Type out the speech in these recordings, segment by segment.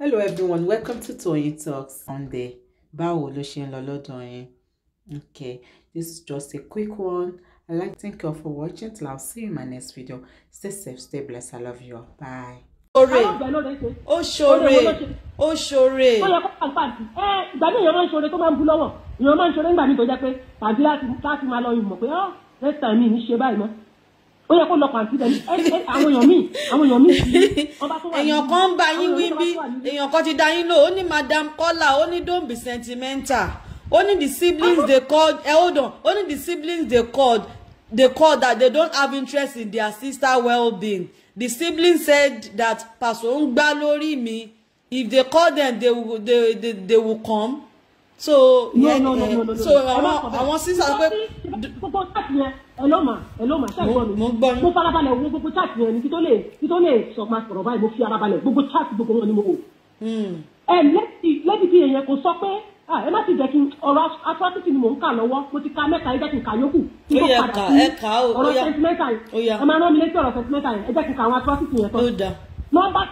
hello everyone welcome to Toyeen Talks Sunday báwo ló ṣe ń lọ lọ́dọ̀ yín okay this is just a quick one i like thank you all for watching till i'll see you in my next video stay safe stay blessed i love you all bye. ṣore ó ṣore ó ṣore. ó yẹ kó àǹfààní ẹ ìgbà ní èèyàn máa ń ṣore tó máa ń bú lọ́wọ́ èèyàn máa ń ṣore nígbà mi tó jẹ́ pé tàbí láti máa lọ ìmọ̀ pé ọ́ ah, next mi ní ṣe báyìí náà ó yẹ kó lọ pàǹtí tẹ̀lé àwọn èèyàn míì àwọn èèyàn míì tí ọba tó wà ní. èèyàn kan ń ba yín wí bí èèyàn kan ti da yín lò ó ní madam Kọ́lá ó ní don't be sentimental ó ní the siblings they called eh, hold on ó ní the siblings they called they called that they don't have interest in their sister well-being the siblings said that pastor ń gbá lórí mi if they call them they will they they, they will come so. no yeah, no no eh, no no so àwọn àwọn sísá pé. gbogbo ẹlọ́mà ẹlọ́mà ṣàgbọ́n mi mo farabalẹ̀ wo gbogbo chat yẹn ni kí tó lè kí tó lè sọ ma sọ̀rọ̀ báyìí mo fi arabalẹ̀ gbogbo chat gbogbo wọn ni mo wò. Hmm. ẹ lẹ́bi lẹ́bi bí èèyàn kò sọ pé ẹ má ti jẹ́ kí ọ̀rọ̀ atrocity ni mò ń kà lọ́wọ́ mo ti ka mẹ́ta ẹ jẹ́ kí n kà yókù kí n tó padà sí ọ̀rọ̀ sentimental yẹn ẹ máa rán mi létí ọ̀rọ̀ sentimental yẹn ẹ jẹ́ kí n kà àwọn atrocity yẹn tán. nọ́mbà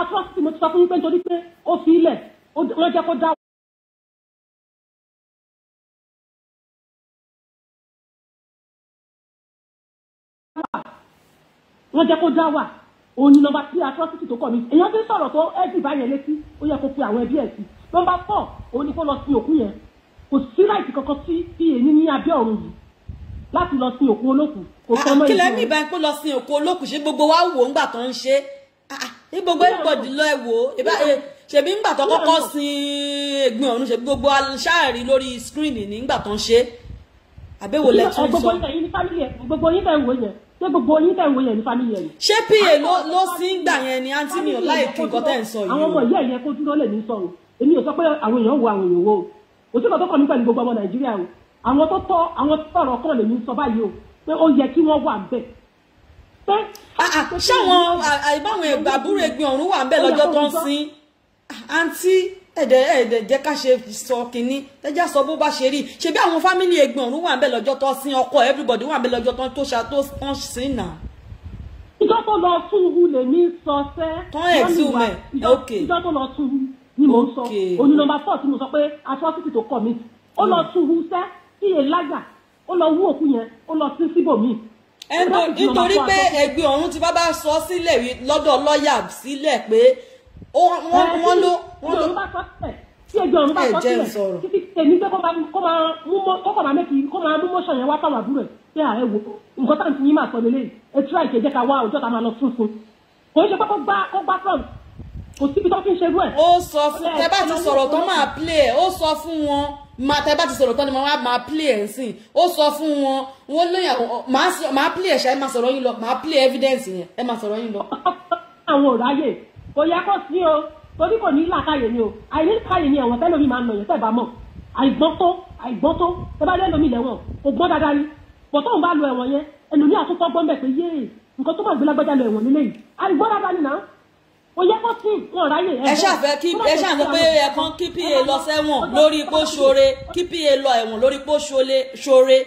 atrocity mo ti sọ fún yín pé nítorí pé ó fi ilẹ̀ ó jẹ́ kó dá wọ́n jẹ́ kó dá wà òun ni nọ́mbà tí atrocity tó kọ̀ mí èèyàn ti ń sọ̀rọ̀ tó ẹ́ẹ́dì báyẹn létí ó yẹ kó pe àwọn ẹbí ẹ̀ sí nọ́mbà four òun ni kó lọ sin òkú yẹn kò sí láìsí kankan sí bí èyí ní abẹ́ ọ̀run yìí láti lọ sin òkú olókù kò ah, tọ́ mọ́ ìlú. kílẹ̀ mi báyìí kó lọ sin òkú olókù ṣé gbogbo wa wò ńgbà tó ń ṣe ní ah, ah, gbogbo ìbọ̀dì lọ ẹ wò eh, ṣèbí ńgbà tó kọ́kọ́ sin ẹ̀gbin ọ̀run ṣèbí gbogbo aṣáàrí lórí screen nígbà tó ń ṣe àbẹ̀wò lẹ́tọ́ eh, sọ. gbogbo yín bẹ̀ wò yẹn ṣé gbogbo yín tẹ̀ ń wo yẹn ní family yẹn. ṣé pa ló ló sí ń gbà yẹn ni àǹtí mi ò láìkí nǹkan tẹ̀ ń sọ yìí. àwọn ọmọ ìyá ìyẹn kó dúró lè ní sọ̀rọ̀ èmi ò sọ pé àwọn èèyàn wo àwọn èèyàn wo kò sí ìkọ̀tọ́ kan ní pẹ̀lú gbogbo ọmọ nàìjíríà o àwọn tó tọ́ àwọn tọ̀rọ̀ kọ́ lè ní sọ báyìí o pé ó yẹ kí wọ́n wà bẹ́ẹ̀ pé. Ah, ah, ṣáwọn àìbáwọn ah, àbúrò ẹgbin ọ̀run wà bẹ́ẹ̀ lọ́jọ́ tó ń sin àǹtí ẹ̀dẹ̀ ẹ̀dẹ̀ jẹ́ ká ṣe sọ kínní ẹjẹ́ sọ bó bá ṣe rí ṣebí àwọn fámìlì ẹgbọ̀n òun wà ń bẹ̀ lọ́jọ́ tó sin ọkọ everybody wà ń bẹ̀ lọ́jọ́ tó tó ṣá tó tán sí nà. ìjọ tó lọ tún lèmi sọ sẹ́. tán ẹ̀ tún mẹ́ ok ìjọ tó lọ tún ni mò sọ òní nọ́mbà four tí mo sọ pé atrocity tó kọ mi hmm. ó lọ tún hu sẹ́ sí elájà ó lọ wú òkú yẹn ó lọ sí síbòmíì nítorí pé ẹgbẹ́ ọ̀hún ti bá bá sọ sílẹ̀ lọ́dọ̀ lọ́ọ̀yà sílẹ̀ pé wọ́n ló wọ́n ló tí ẹjọ́ ọ̀run bá kọ́ sílẹ̀ títí èmi pé kó máa kó máa mẹ́kì kó máa mú mọ́ṣọ̀ yẹn wá fáwọn àbúrò ẹ̀ pé ààrẹ wo nǹkan tá à ń ti yín máa sọ lélẹ́yìn ẹ tíra ìkẹjẹ́ ká wá òjọ́ ta máa lọ fún fún kò ń ṣe pé kó gbá kó gbá front kò síbi tó fi ń ṣerú ẹ̀. ó sọ fún tẹ bá ti sọ̀rọ̀ tó máa play ẹ̀ ó sọ fún wọn ma tẹ bá ti sọ̀rọ̀ tán ni màá máa play ẹ̀ sìn ó sọ fún wọn wọn lóyún màá play ẹ̀ ṣáà ẹ máa sọ̀rọ̀ yín lọ màá play evidence yẹn ẹ máa sọ̀rọ̀ yín lọ. àwọn ò ráyè kò yẹ kó sí o torí kò ní làkàyè ni o àìní làkàyè ni ẹ̀wọ̀n tẹ́lómi máa ń lọ yẹn tẹ́ bá mọ̀ àìgbọ́n tó àìgbọ́n tó tẹ́ bá lẹ́lómi lẹ́wọ̀n kò gbọ́n dáadáa ni bọ̀ tóun bá lo ẹ̀wọ̀n yẹn ẹlòmí àtúntọ́ gbọ́n bẹ̀ pé yéè nǹkan tó bá gbé lágbájá lọ ẹ̀wọ̀n nílé yìí àìgbọ́n dáadáa ni náà ó yẹ kó tí wọn ráyè ẹ ṣàfẹ́ kí ẹ ṣàfẹ́ pé ẹ kàn kí pa lọ sẹ́wọ̀n lórí ipò ṣoore kí pa lọ ẹ̀wọ̀n lórí ipò ṣoore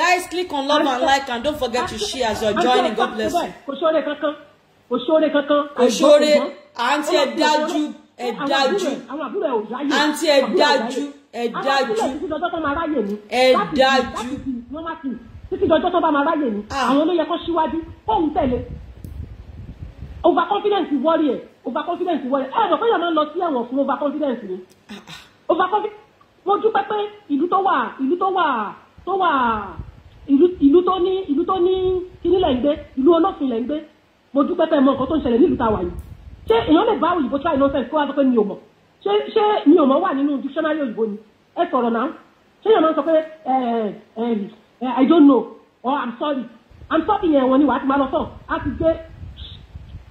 guys click on love and like and don't forget to share as you're joining God bless you. kò ṣoore kankan kò sóore kankan kò sóore àǹtí ẹ dájú ẹ dájú àǹtí ẹ dájú ẹ dájú ẹ dájú títí dọjọ́ tó bá máa ráyè ni ah. àwọn olóyè kan síwájú fóun tẹ̀lé over confidence wọ́ọ̀rì ẹ̀ over confidence wọ́ọ̀rì ẹ̀ ẹ̀rọ fẹ́yàn máa ń lọ sí ẹ̀wọ̀n fún over confidence ni ah, ah. over confidence wọ́n dúpẹ́ pé ìlú tó wà ìlú tó wà tó wà ìlú tó ní ìlú tó ní kíní lẹ̀ ń gbé ìlú olófin lẹ̀ ń gbé mo dúpẹ́ pẹ́ mọ nǹkan tó ń ṣẹlẹ̀ nílùú táwa yìí ṣé èèyàn lè bá òyìnbó try nonsense kó wá sọ pé mi ò mọ̀ ṣé ṣé mi ò mọ̀ wà nínú dictionary òyìnbó ni ẹ sọ̀rọ̀ náà ṣé èèyàn máa ń sọ pé eh, eh, eh, I don't know or I'm sorry I'm sorry yẹn wọn ni wàá ti máa lọ sọ á ti gbé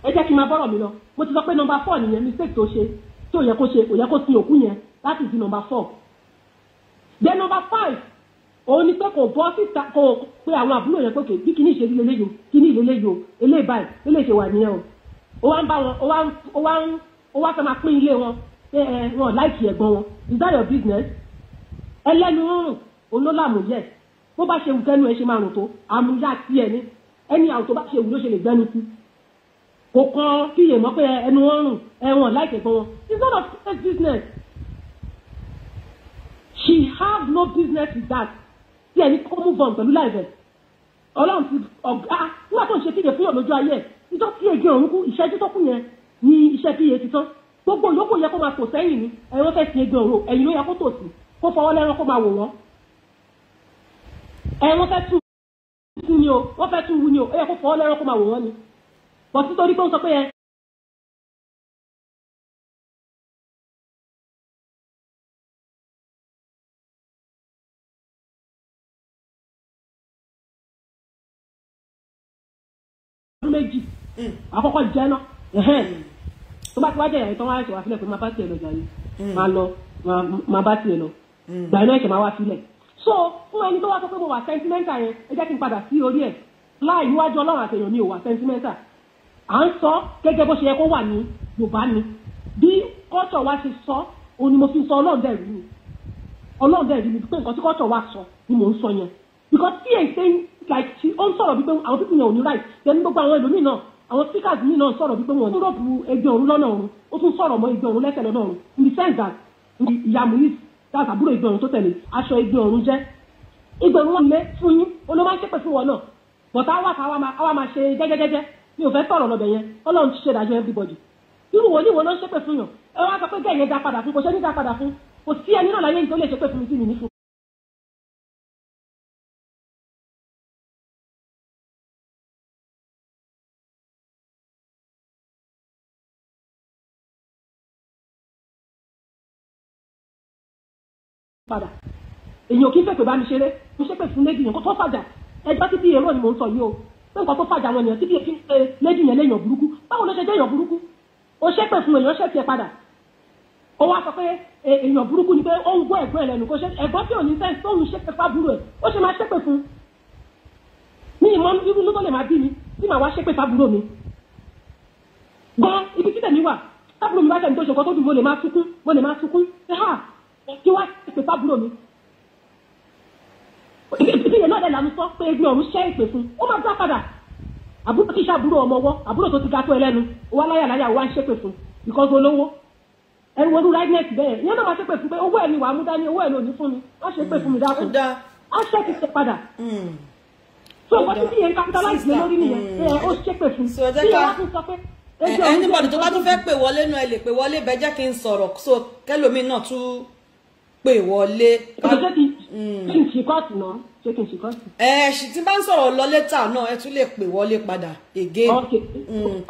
ẹ jẹ́ kí n máa bọ́rọ̀ mi lọ mo ti sọ pé number four nìyẹn mistake tó ṣe tó yẹ kó ṣe kò yẹ kó sin òkú yẹn láti di number four then number five òun ni pé kò bọ́ síta kò pé àwọn àbúrò yẹn pé bí kíní ìṣe líle léyò kíní ìlé léyò eléyìí báyìí eléyìí ṣe wà nìyẹn o ó wá ń bá wọn ó wá ń ó wá fẹ́ máa pín ilé wọn ẹ ẹ wọn láìkì ẹ̀gbọ́n wọn is that your business ẹlẹ́nu rúrùn olólàmù yẹ bó bá ṣe wù kẹ́nu ẹ ṣe máa rùn tó àmúyá tí ẹni ẹni àwọn tó bá ṣe wù ló ṣe lè gbẹ́nu kú kò kan kíyè mọ́ pé ẹnu she have no business with that tí ẹni kó mú bọ̀n pẹ̀lú láìpẹ́ ọlọ́run ti ọ̀gá ah, nígbà tó ń ṣe kéde fún yàn lójú ayé ẹ̀ nítorí tí ègé òun kú ìṣẹ́jú tó kù yẹn ni iṣẹ́ tí iye ti tán gbogbo ìyókù yẹ kó máa tò sẹ́yìn ni ẹ̀yin wọ́n fẹ́ ti ègé òru ẹ̀yin ló yẹ kó tò sí kó fọwọ́ lẹ́rán kó máa wò wọ́n ẹ̀yin wọ́n fẹ́ tú wú ni o wọ́n fẹ́ tú wú ni o ó yẹ kó fọwọ́ lẹ́rán kó máa wò wọ́n ni bọ̀ sí pé ó sọ pé ẹ àkọ́kọ́ jẹ́ náà tó bá ti wá jẹ́ ìyàwó tán wá ṣe wá sílẹ̀ pé máa bá tiẹ̀ lọ jàre hmm. máa lọ máa bá tiẹ̀ lọ hmm. gbà iná so fún ẹni tó wá sọ mo wà sentimental yẹn ẹ jẹ́ kí n padà sí orí ẹ̀ láì níwájú ọlọ́run àtẹ̀yàn mi ò wà sentimental à ń sọ gẹ́gẹ́ bó ṣe yẹ kó wà ní Yorùbá ni bí kọ́tọ̀ wa ṣe sọ òun ni mo fi sọ ọlọ́run dẹ̀ rí mi ọlọ́run dẹ̀ rí mi pé nǹkan tí kọ́tọ̀ wa sọ ni mò ń sọ yẹn because tí èyí ṣe like ó ń sọ̀rọ̀ bí pé àwọn pípìn yẹn ò ní right then àwọn speakers yìí náà sọ̀rọ̀ wípé wọn ní Europe ẹgbẹ́ òru lọ́nà òru ó tún sọ̀rọ̀ mọ́ ẹgbẹ́ òru lẹ́sẹ̀ lọ́nà òru in the sense that ìyá munis that's àbúrò ẹgbẹ́ òru tó tẹ̀lé aṣọ ẹgbẹ́ òru jẹ́ ẹgbẹ́ òru wọn lé fún yín olóma ṣe pẹ̀ fún wọn náà but àwa kà àwa máa ṣe jẹ́jẹ́jẹ́jẹ́ mi ò fẹ́ sọ̀rọ̀ lọ́bẹ̀ yẹn Ọlọ́run ti ṣe ìdájọ́ everybody irú wo ni wo ló ń ṣépè fún yàn ẹ wá sọ pé bẹ́ẹ̀ yẹn dá padà fún kò ṣe ní dá padà fún kò sí ẹni náà láyé yìí tó lè ṣépè fún mi tí mi ní fún. padà èyàn kì í fẹ́ pé bá mi ṣeré mo ṣépè fún lady yẹn kó tó fàjà ẹgbẹ́ títí èrò ni mò ń sọ yìí o pé nǹkan tó fàjà wọn èèyàn títí ẹ lady yẹn léèyàn burúkú báwo ló ṣe jẹ́ èèyàn burúkú o ṣépè fún èèyàn ṣètì ẹ padà ó wá sọ pé e, èèyàn burúkú ni pé ó ń gbọ́ ẹ̀gbọ́n ẹ̀ lẹ́nu kó ṣe ẹ̀gbọ́n tí ò ní sẹ́ńsì tóun ṣépè fábúrò ẹ̀ ó ṣe máa ṣépè fún mi ìmọ̀ irú ló tó lè máa bí mi tí màá wá ṣépè fábúrò mi gan ibi títẹ̀ mi wà fábúrò mi bá ṣe ní tó ṣe kọ́ tó dùn mo lè máa sunkún mo lè máa sunkún ẹ̀ hà kí wá ìpè fábúrò mi ìpínlẹ̀ náà lẹ́la mi sọ pé egbin ọ̀run ṣẹ́ ìpè fún ó máa dá padà àbúrò kí ṣàbúrò ọmọ ọwọ́ àbúrò tó ti ga tó ẹlẹ́nu wà láyà láyà wà ń ṣépè fún because olówó ẹni wo rúra ẹgbẹ́ bẹ́ẹ̀ ìyẹn náà máa ṣépè fún pé owó ẹ̀ ni wàá mú dání owó ẹ̀ ni ò ní fún mi wọ́n ṣépè fún mi dákun á ṣẹ́ ti ṣe padà hmm. so nǹkan tí ìyẹn capitalize lé lórí nìyẹn hmm. ó ṣépè fún ìyẹn wá anybody tó bá tún fẹ́ pè wọlé náà ẹ lè pè wọlé bẹ́ẹ̀ jẹ́ kí n sọ̀rọ̀ so kẹ́lòmíì tún pè wọlé. Mm. ṣé kí n ṣì kọ́ọ̀tù náà ṣé n ṣì ẹ ṣì tí bá ń sọ̀rọ̀ lọ lẹ́tà náà ẹ tún lè pè wọlé padà again. ok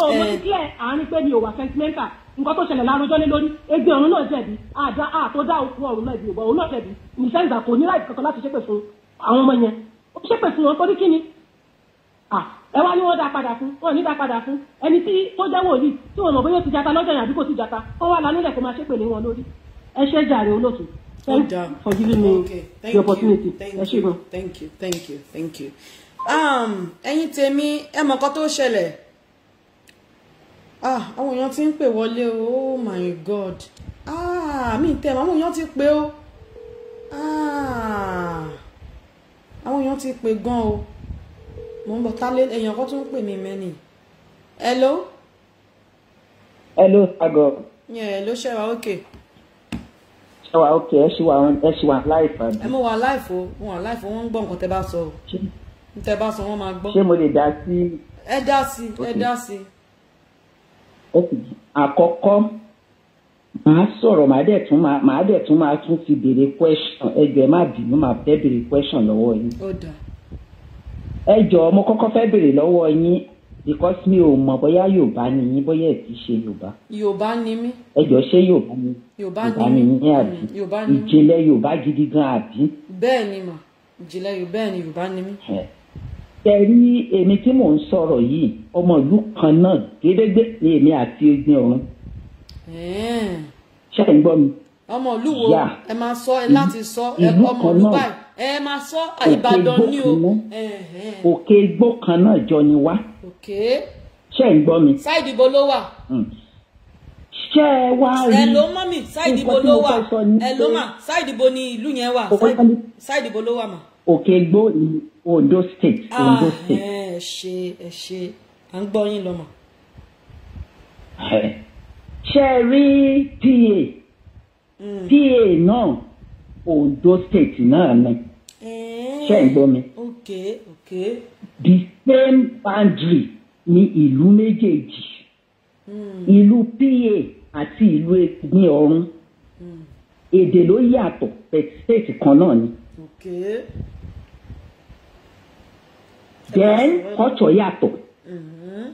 ọmọ mm, ìpínlẹ̀ àárín pé mi ò wà sentimental nǹkan tó ṣẹlẹ̀ lárojọ́ lé lórí ẹgbẹ́ ọ̀run náà jẹ̀bi àdá à tó dá òkú ọ̀run náà ìbò ọ̀run náà jẹ̀bi ìgbà kò ní kankan láti ṣépè fún àwọn ọmọ yẹn fún wọn torí kíni ẹ wá ní wọn dá padà fún wọn ò Thank you for giving me okay. the opportunity. Thank you. Thank you. Thank you. Thank you. Thank you. Um, any tèmi, ẹ mọ nǹkan tó ṣẹlẹ̀. Ah, àwọn èèyàn ti ń pè wọlé Oh my God. Ah, me tẹ̀ mọ́ àwọn èèyàn ti pè Ah, àwọn èèyàn ti pè gan o. Mo talent and ta lé èèyàn kan tó ń pè Hello. Hello, Sago. Yeah, hello, Shewa, okay ẹ wà ok ẹ ṣì wà ẹ ṣì wà live àbí. ẹ mọ wà live o wọn wà live o wọn ń gbọ́ nǹkan tẹ bá sọ o tẹ bá sọ wọn máa gbọ́. ṣé mo lè dá sí. ẹ dá sí ẹ dá sí. àkọ́kọ́ màá sọ̀rọ̀ màá dẹ̀ tún máa màá dẹ̀ tún máa tún ti béèrè question ẹgbẹ́ má bínú màá fẹ́ béèrè question lọ́wọ́ yín. ẹ jọ̀ọ́ mo kọ́kọ́ fẹ́ béèrè lọ́wọ́ yín because mi ò mọ̀ bóyá yorùbá ni yín bóyá ẹ̀ ti ṣe yorùbá. yorùbá ni mí. ẹ jọ ṣé yorùbá ni. yorùbá ni mí yorùbá ni mí àbí ìjìnlẹ̀ yorùbá gidi gan àbí. bẹ́ẹ̀ ni mà ìjìnlẹ̀ yorùbá ni yorùbá ni mí. ẹ rí èmi tí mò ń sọ̀rọ̀ yìí ọmọ ìlú kan náà gédégbé ni èmi àti Ẹ̀gbin Ọ̀run. ṣé ẹ̀ ń gbọ́ mi. ọmọ ìlú wo ẹ máa sọ ẹ láti sọ ọmọ ìlú báyìí ẹ máa sọ Ìbàdàn ni o. òkè igbó kan náà jọ ni wá ṣé ń gbọ́ mi. Side bo ló wà. Hmm. ṣé ẹ wá rí ẹ ló mọ́ mi side bo ló wà ẹ ló mà ṣáìdì bo ni ìlú yẹn wà ṣáìdì bo ló wà mà. òkè gbó ni Ondo state ah, Ondo state. ẹ ṣe ẹ ṣe à ń gbọ́ yín lọ́mọ. ṣé ẹ rí pa hmm. pa náà Ondo state náà ni eh. ṣé ń gbọ́ mi. okay The same boundary ní ìlú méjèèjì. Hmm. Ìlú PA àti ìlú ní ọ̀run. Hmm. Èdè ló yàtọ̀ but state kan náà ni. Okay. Then culture yàtọ̀. Hmm.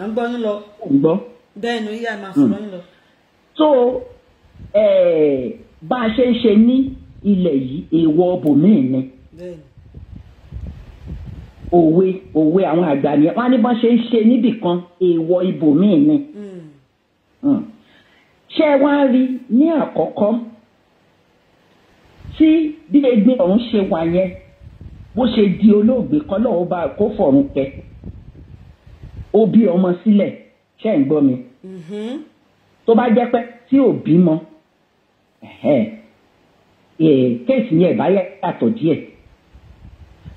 À ń gbọ́ yín lọ. À ń gbọ́. Bẹ́ẹ̀ ni ó yà máa sọ̀rọ̀ yín lọ. So eh, bá a ṣe ń ṣe ní ilẹ̀ yìí èèwọ̀ bòmíì ni. Bẹ́ẹ̀ni òwe òwe àwọn àgbà nìyẹn wọn á ní bọ́n ṣe ń ṣe níbì kan èèwọ̀ ibòmíì ni hmm. Hmm. ṣé ẹ wá rí ní àkọ́kọ́ tí bí egbin ọ̀hún ṣe wà yẹn bó ṣe di olóògbé kan lọ́wọ́ bá kó fọ̀run pẹ́ ó bí ọmọ sílẹ̀ ṣé ń gbọ́ mi mm-hmm. tó bá jẹ́ pé tí ò bímọ kéèsì yẹn bá yàtọ̀ díẹ̀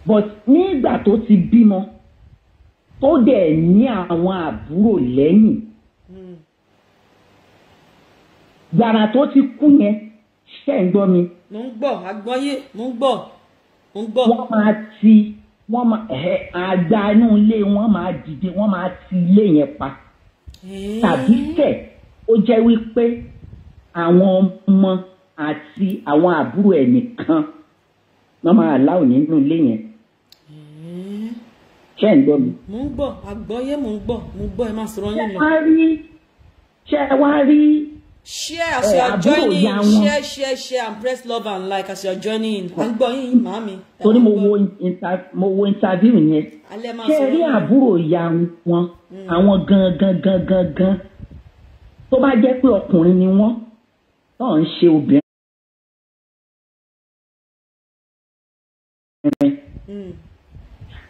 but nígbà tó ti bímọ tó dẹ̀ ní àwọn àbúrò lẹ́yìn gbàrà tó ti kú yẹn ṣe ń gbọ́ mi. mo ń gbọ́ àgbọ́yé mo ń gbọ́ mo ń gbọ́. wọ́n máa ti wọ́n máa àgbà inú ilé wọ́n máa dìde wọ́n máa ti ilé yẹn pa. tàbí kẹ̀ ó jẹ́ wípé àwọn ọmọ àti àwọn àbúrò ẹ̀ nìkan wọ́n máa láwò nínú ilé yẹn ṣé ń gbọ́ mi. mò ń gbọ́ àgbọ́yé mò ń gbọ́ mò gbọ́ ẹ máa sọ̀rọ̀ yín lọ. ṣé wàá rí ṣé wàá rí. share as you are joining share share share and press love and like as you are joining à ń gbọ́ yín màámi. torí mo wo mo wo interview yẹn ṣé rí àbúrò ìyá wọn hmm. àwọn gangan gangan gan tó bá jẹ́ pé ọkùnrin ni wọ́n náà ń ṣe obìnrin.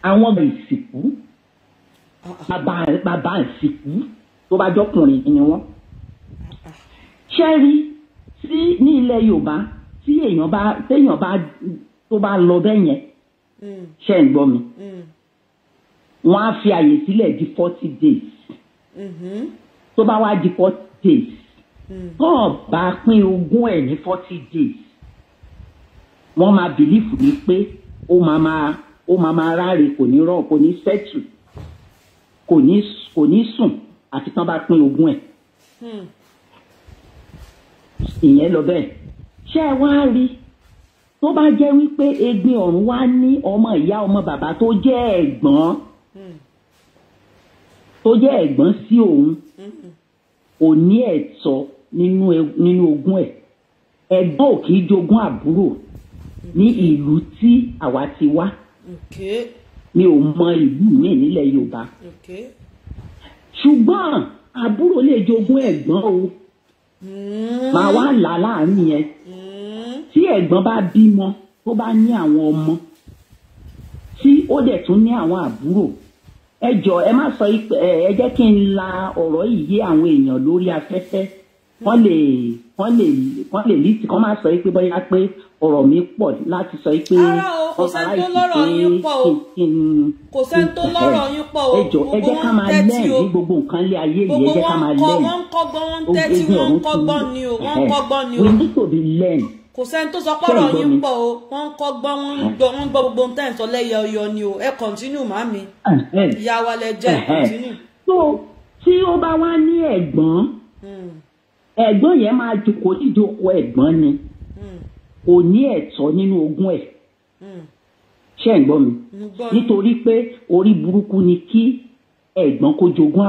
àwọn lè sìnkú bàbá ìsìnkú tó bá jọkùnrin ni wọ́n. ṣẹ́rí sí ní ilẹ̀ Yorùbá tí èèyàn bá téèyàn bá tó bá lọ bẹ́ẹ̀ yẹn ṣe ń gbọ́ mi wọ́n á fi àyè sílẹ̀ di forty days tó bá wá di forty days tó bá pín ogún ẹ̀ ní forty days wọ́n máa bìlífù ní pé ó máa máa ó máa máa ráre kò ní rọ kò ní sẹ́tù kò ní kò ní sùn àti tán bá pín ogún ẹ̀. Hmm. ìyẹn lọ bẹ́ẹ̀ ṣé ẹ wá rí tó bá jẹ́ wípé egbin ọ̀run wá ní ọmọ ìyá ọmọ bàbá tó jẹ́ ẹ̀gbọ́n hmm. tó jẹ́ ẹ̀gbọ́n sí òun hmm. ò ní ẹ̀tọ́ e, nínú ogún ẹ̀ ẹ̀gbọ́n ò kì í jogún àbúrò ní ìlú tí àwa ti wá. Mm -hmm mi ò mọ ìlú mi nílẹ̀ Yorùbá ṣùgbọ́n àbúrò lè jogún ẹ̀gbọ́n o hmm. màá wá là láàrin yẹn hmm. tí ẹ̀gbọ́n bá bímọ tó bá ní àwọn ọmọ tí ó dẹ̀ tún ní àwọn àbúrò ẹ jọ ẹ má sọ ẹ jẹ́ kí n la ọ̀rọ̀ yìí yé àwọn èèyàn lórí afẹ́fẹ́ wọ́n lè wọ́n lè wọ́n lè lítì kọ́ máa sọ pé bóyá pé ọ̀rọ̀ mi pọ̀ láti sọ pé ọba láìsí pé kí n kò sẹ́ni tó lọ́rọ̀ yín pọ̀ o ẹjọ́ ẹ jẹ́ ká máa lẹ́yìn ní gbogbo nǹkan lé ayé yìí ẹ jẹ́ ká máa lẹ́yìn wọ́n kọ́gbọ́n wọ́n tẹ́tí wọ́n kọ́gbọ́n ni o wọ́n kọ́gbọ́n ni o we need to be learn kò sẹ́ni tó sọ pé ọ̀rọ̀ yín pọ̀ o wọ́n ń kọ́gbọ́n wọ́n ń gbọ́ wọ́n ń gbọ́ gbogbo ohun tẹ́ ń sọ lẹ́yẹ ọyọ ni o ẹ kọ̀ntínú màmí ìyá wa lẹ jẹ́ kọ̀ntínú. so tí ó bá wá ní ẹ̀gbọ́n hmm. ẹ̀gbọ́n yẹn máa jòkó ìjókòó ẹ̀gbọ́n ni. Mm. kò ẹ̀tọ́ nínú ogún ẹ̀ hmm. ṣé ń gbọ́ mi nítorí pé orí burúkú ni kí ẹ̀gbọ́n kó jogún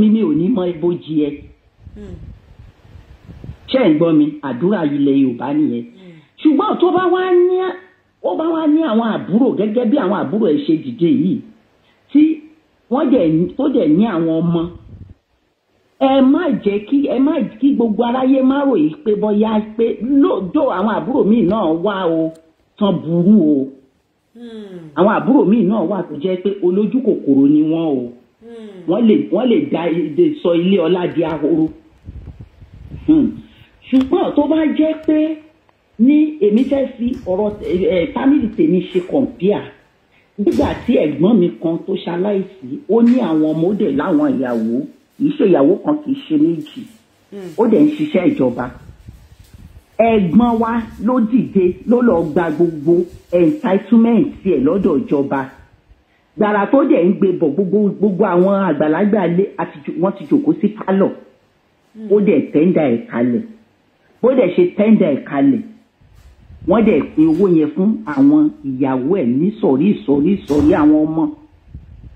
mi mi ò ní mọ ibojì ẹ ń hmm. gbọ́ mi àdúrà ilẹ̀ Yorùbá nìyẹn hmm. ṣùgbọ́n tó bá wá ní ó bá wá ní àwọn àbúrò gẹ́gẹ́ bí àwọn àbúrò ẹ̀ ṣe dìde yìí tí wọ́n dẹ̀ tó dẹ̀ ní àwọn ọmọ ẹ má jẹ́ kí ẹ má kí gbogbo aráyé má ròyìn pé bóyá pé lóòótọ́ àwọn àbúrò míì náà wà o tán burú o hmm. àwọn àbúrò míì náà wà tó jẹ́ pé olójú kòkòrò ni wọ́n o hmm. wọ́n lè wọ́n lè da èdè sọ ilé ọlá di ahoro hmm. ṣùgbọ́n tó bá jẹ́ pé ní èmi fẹ́ fi ọ̀rọ̀ fámìlì tèmi ṣe kọ̀ǹpìà nígbà tí ẹ̀gbọ́n mi kan tó ṣaláìsí ó ní àwọn ọmọdé láwọn ìyàwó kì í ṣe ìyàwó kan kì í ṣe méjì ó dẹ̀ ń ṣiṣẹ́ ìjọba ẹ̀gbọ́n wa ló dìde ló lọ gba gbogbo entitlement tiẹ̀ lọ́dọ̀ ìjọba gbàrà tó dẹ̀ ń gbé bọ̀ gbogbo gbogbo àwọn àgbàlagbà lé wọ́n ti jòkó sí pálọ̀ ó dẹ̀ tẹ́ńdà ẹ̀ kalẹ̀ bó dẹ̀ ṣe tẹ́ńdà ẹ̀ kalẹ̀ wọ́n dẹ̀ pín owó yẹn fún àwọn ìyàwó ẹ̀ nísọ̀rí ìsọ̀rí ìsọ̀rí àwọn ọmọ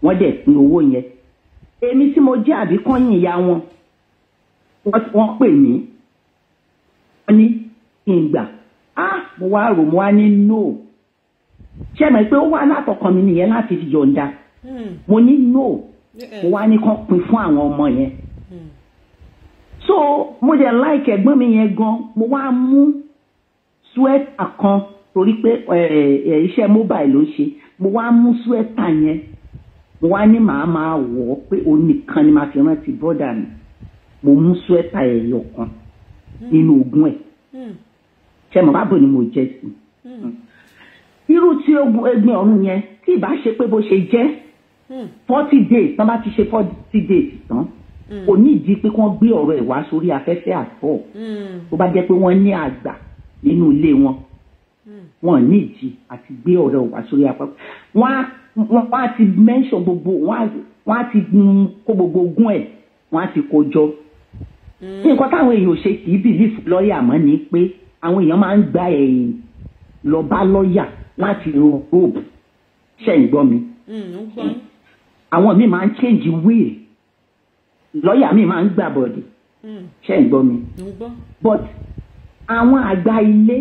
wọ́n dẹ̀ pín owó yẹn èmi tí mo jẹ́ àbíkọ́yìn ìyá wọn wọ́n pè mí wọ́n ní kí n gbà á mo wá rò mo wá ní no ṣé mọ̀ pé ó wá látọkàn mi nìyẹn láti yọ̀ǹda hmm. mo ní no mo wá ní kán pin fún àwọn ọmọ yẹn hmm. so mo dẹ̀ láìkì ẹ̀gbọ́n mi yẹn gan mo wá mú suẹ́tà kan torí pé eh, eh, iṣẹ́ mobile ló ṣe mo wá mú suẹ́tà yẹn wọ́n á ní màá máa wọ̀ ọ́ pé òun nìkan ni màá fi rántí bọ́dà mi mo mú swẹ́tà ẹ̀yọ̀ kan nínú ogún ẹ̀ ṣe mọ̀ bábò ni mo jẹ́ sí irú tí ogun ọ̀run yẹn tí ìbá ṣe pé bó ṣe jẹ́ forty days tán bá ti ṣe forty days tán kò ní ìdí pé kí wọ́n gbé ọ̀rọ̀ ẹ̀ wá sórí afẹ́fẹ́ àtọ̀ tó bá jẹ́ pé wọ́n ní àgbà nínú ilé wọn wọn ní ìdí àti gbé ọ̀rọ̀ wá sórí afẹ́fẹ́ wọn á wọ́n á ti mention gbogbo wọ́n á ti mm, kó gbogbo ogún ẹ̀ wọ́n á ti kó jọ. Mm. nǹkan táwọn èèyàn ò ṣe kì í bìlífù lọ́ọ̀yà mọ́ ni pé àwọn èèyàn máa ń gba ẹ̀yìn lọ bá lọ́ọ̀yà láti ro rope ṣẹ̀ ń gbọ́ mi. Mm, àwọn míì máa ń change will lọ́ọ̀yà míì máa ń gbà bọ̀dì ṣẹ̀ ń gbọ́ mi. but àwọn àgbà ilé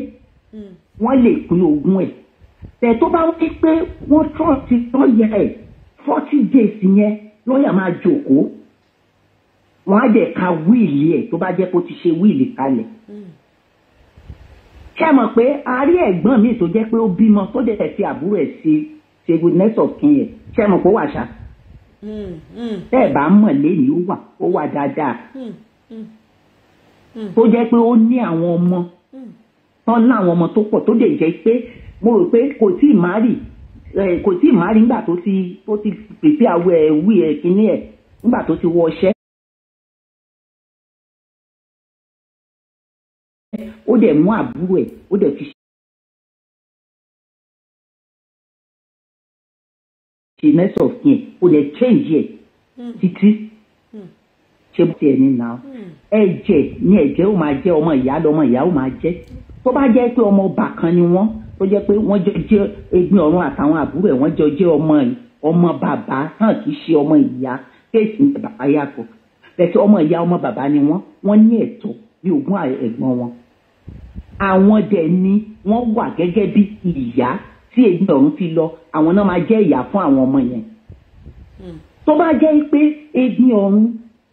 wọ́n lè pín ogún ẹ̀ bẹ́ẹ̀ tó bá wí pé wọ́n trọ́ọ̀tì lọ́ọ̀yà ẹ̀ forty days yẹn lọ́ọ̀yà máa jòkó wọ́n á dẹ̀ ka wíìlì ẹ̀ tó bá jẹ́ kó ti ṣe wíìlì kalẹ̀ ṣé mọ̀ pé a rí ẹ̀gbọ́n mi tó jẹ́ pé ó bímọ tó dẹ̀ fi àbúrò ẹ̀ ṣe ṣe goodness of kin ẹ̀ ṣé mọ̀ pé ó wà ṣá tẹ́ ẹ̀ bá mọ̀ lẹ́yìn ó wà ó wà dáadáa tó jẹ́ pé ó ní àwọn ọmọ tán láwọn ọmọ tó pọ̀ tó dẹ̀ jẹ́ pé mo rò pé kò tí ì má rì kò tí ì má rì nígbà tó ti tó ti pèpè awọ ẹ wí ẹ kíní ẹ nígbà tó ti wọ ọṣẹ. ó dẹ̀ mú àbúrò ẹ̀ ó dẹ̀ fi ṣe mẹ́sàn-án yẹn ó dẹ̀ change yẹn hmm. títí hmm. ṣé bó tiẹ̀ ní nà ó hmm. ẹ̀jẹ̀ ni ẹ̀jẹ̀ ó máa jẹ́ ọmọ ìyá lọ́mọ ìyá ó máa jẹ́ tó bá jẹ́ pé ọmọ ọba kan ni wọ́n tó jẹ́ pé wọ́n jọ jẹ́ egbin ọ̀run àtàwọn àbúrò ẹ̀ wọ́n jọ jẹ́ ọmọ ọmọ bàbá hàn kì í ṣe ọmọ ìyá kéèsì ní bàbá yàtọ̀ tẹ̀sí ọmọ ìyá ọmọ bàbá ni wọ́n wọ́n ní ẹ̀tọ́ bí ogún ẹ̀gbọ́n wọn. àwọn dẹ̀ ni wọ́n wà gẹ́gẹ́ bí ìyá tí egbin ọ̀run ti lọ àwọn náà máa jẹ́ ìyá fún àwọn ọmọ yẹn. Hmm. tó bá jẹ́ pé egbin ọ̀run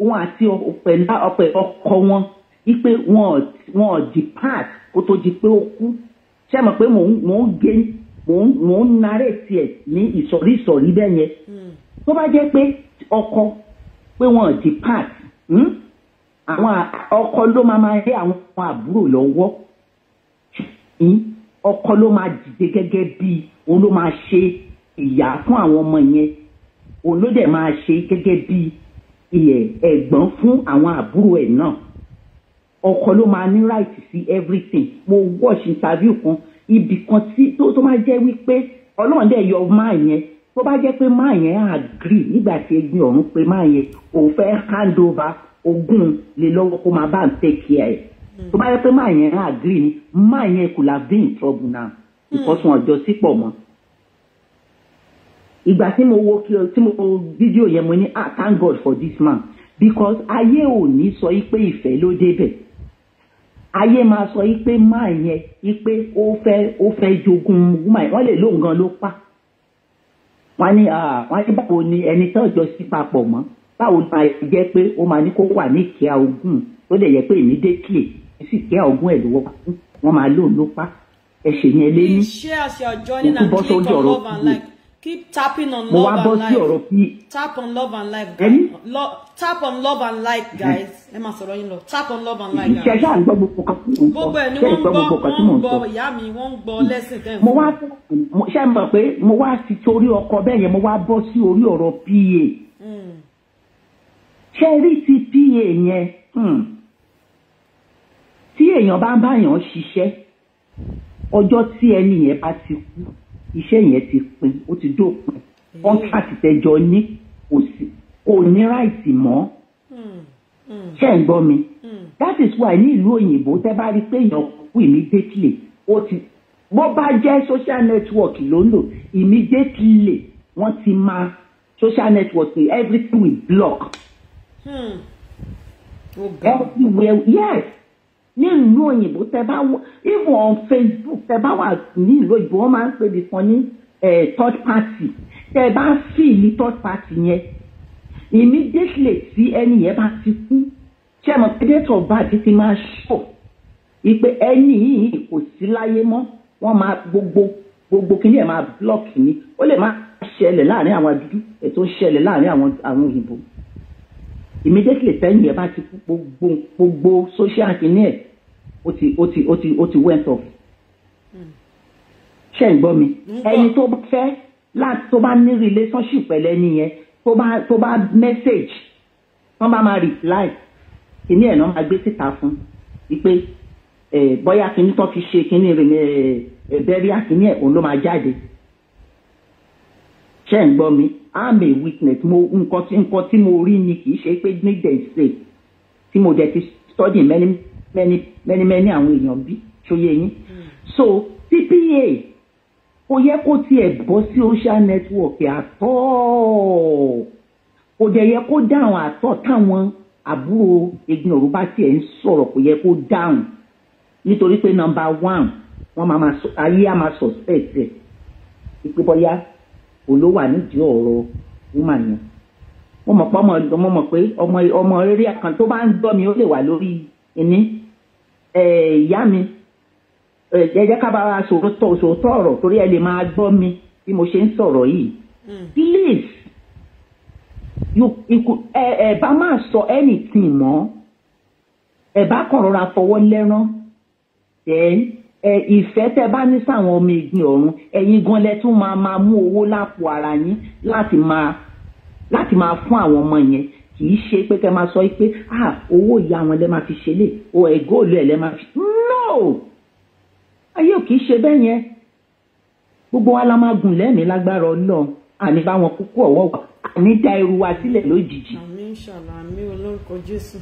wọn àti ọ̀pẹ̀ ọkọ wọn wípé wọn ò depart kó tó di pé ó kú ṣé ẹ mọ̀ pé mò ń mò ń gé mò ń mò ń narètì ẹ̀ ní ìsọ̀rí ìsọ̀rí bẹ́ẹ̀ yẹn hmm. tó bá jẹ́ pé ọkọ pé wọ́n di part hmm? àwọn ọkọ ló máa máa rí àwọn àbúrò lọ́wọ́ hmm? ọkọ ló máa dìde gẹ́gẹ́ bíi òun ló máa ṣe ìyá fún àwọn ọmọ yẹn òun ló dẹ̀ máa ṣe gẹ́gẹ́ bíi ẹ̀gbọ́n fún àwọn àbúrò ẹ̀ náà ọkọ ló máa ní right sí everything mo watch interview kan ibì kan tí tó máa jẹ́ wípé ọlọ́run dẹ̀ yọ máa yẹn tó bá jẹ́ pé máa yẹn agree nígbà tí ẹgbin ọ̀run pé máa yẹn ò fẹ́ hand over ogún lè lọ́wọ́ kó máa bá ń take care ẹ̀ tó bá jẹ́ pé máa yẹn agree ni máa yẹn could have been in trouble now hmm. because wọn jọ sípò mọ́ ìgbà tí mo wo tí mo fídíò yẹn mo ní ah thank God for this man because ayé ò ní sọ pé ìfẹ́ ló débẹ̀ ayé máa sọ yí pé máa yẹn yí pé ó fẹ́ ó fẹ́ jogún máa wọ́n lè lóun gan ló pa wọ́n ní ah, wọ́n ní báwo ni ẹni tó jọ sí papọ̀ mọ́ báwo ni máa jẹ́ pé ó máa ní kó wà ní ìkíá ogún tó lè yẹ pé èmi dé kíè sì kíá ogún ẹ̀ lówó wọ́n máa lóun ló pa ẹ̀ṣẹ̀ yẹn lé ní ikú bọ́ sójú ọ̀rọ̀ kúrò keep tapping on love and life. mo tap on love and life guys. ẹni. tap on love and life, guys. ẹ máa sọ̀rọ̀ yín lọ tap on love and life, guys. ìṣẹ̀ṣẹ̀ àgbọ̀ gbogbo kan tí mò ń sọ. gbogbo ẹ̀ ni wọ́n ń gbọ́ wọ́n ń gbọ́ ìyá mi wọ́n ń gbọ́ lẹ́sìn tẹ́ mo wá ṣe mọ̀ pé mo wá sí torí ọkọ bẹ́ẹ̀ yẹn mo wá bọ́ sí orí ọ̀rọ̀ pa. Hmm. ṣé rí ti pa yẹn hmm. tí èèyàn bá ń báyàn ṣiṣẹ́ ọjọ́ tí ẹni yẹn bá ti kú iṣẹ́ yẹn ti pin ó ti dópin kọ́ńtàtì hmm. tẹjọ ní kò sí kò ní ráìtì mọ́ hmm. hmm. ṣe ń gbọ́ mi that is why ní ìlú òyìnbó tẹ́ bá rí pé èèyàn kú immediately ó ti bó bá jẹ́ social network ló ń immediately wọ́n ti máa social network everything will block. Hmm. Oh, everywhere yes ní ìlú òyìnbó tẹ bá wọ even on Facebook tẹ bá wà ní ìlú òyìnbó wọn máa ń pè mí kan ní third party tẹ bá fi ní third party yẹn immediately tí ẹni yẹn bá ti kú ṣé mo pé date of birth ti máa ṣò ìpè ẹni yìí kò sí láyé mọ́ wọ́n máa gbogbo gbogbo kí ni ẹ̀ máa block ni ó lè máa ṣẹlẹ̀ láàrin àwọn dúdú ètò ṣẹlẹ̀ láàrin àwọn àwọn òyìnbó immediately tẹ́yìn ẹ̀ bá ti kú gbogbo gbogbo social kìíní ẹ̀ ó ti ó ti ó ti ó ti went off. Hmm. ṣé ń gbọ́ mi ẹni tó bá fẹ́ tó bá ní relationship pẹ̀lú ẹni yẹn tó bá tó bá message wọ́n bá máa reply kíní ẹ̀ náà máa gbé síta fún ipe bóyá kíní tó fi ṣe kíní bẹ́ríà kíní ẹ̀ òun ló máa jáde ṣé ń gbọ́ mi i'm a witness mo nǹkan tí nǹkan tí mo rí ni kì í ṣe pé ní dẹ̀ ṣe tí mo dẹ̀ ti study many mẹ́ni mẹ́ni mẹ́ni àwọn èèyàn bí ṣòye yín hmm. so cpa kò yẹ kó tiẹ̀ bọ́ sí social network àtọ́ kò dẹ̀ yẹ kó dáhùn àtọ́ táwọn àbúrò egbin òru bá tiẹ̀ ń sọ̀rọ̀ kò yẹ kó dáhùn nítorí pé nọ́mbà one wọ́n máa máa ayé á máa suspect ẹ̀ ìpè bọ́yá olówà nídìí ọ̀rọ̀ woman yẹn wọ́n mọ̀ pé ọmọ rere kan tó bá ń gbọ́ mi ó lè wà lórí ẹni ìyá mi ẹ jẹ́ ká bá wa sòótọ́ ọ̀rọ̀ torí ẹ lè máa gbọ́ mi bí mo ṣe ń sọ̀rọ̀ yìí hmm. please ẹ bá máa sọ anything mọ́ ẹ bá kàn rọra fọwọ́ lẹ́rán ẹ ìfẹ́ tẹ bá ní sáwọn ọmọ ìgbìn ọ̀run ẹ̀yin gan lẹ tún máa máa mú owó lápò ara yín láti máa láti máa fún àwọn ọmọ yẹn kì í ṣe pé kẹ́ máa sọ pé ah owó ìyá wọn lẹ́ máa fi ṣe lè o ẹ̀gọ́ òlu ẹ̀ lẹ́ máa fi no ayé ò kì í ṣe bẹ́ẹ̀ yẹn gbogbo wa la máa gùn lẹ́mìí lágbára ọlọ́run àní bá wọn kúkú ọ̀wọ́ wà àní da irú wa sílẹ̀ lójijì. àmín ṣàlà àmín olórúkọ jésù.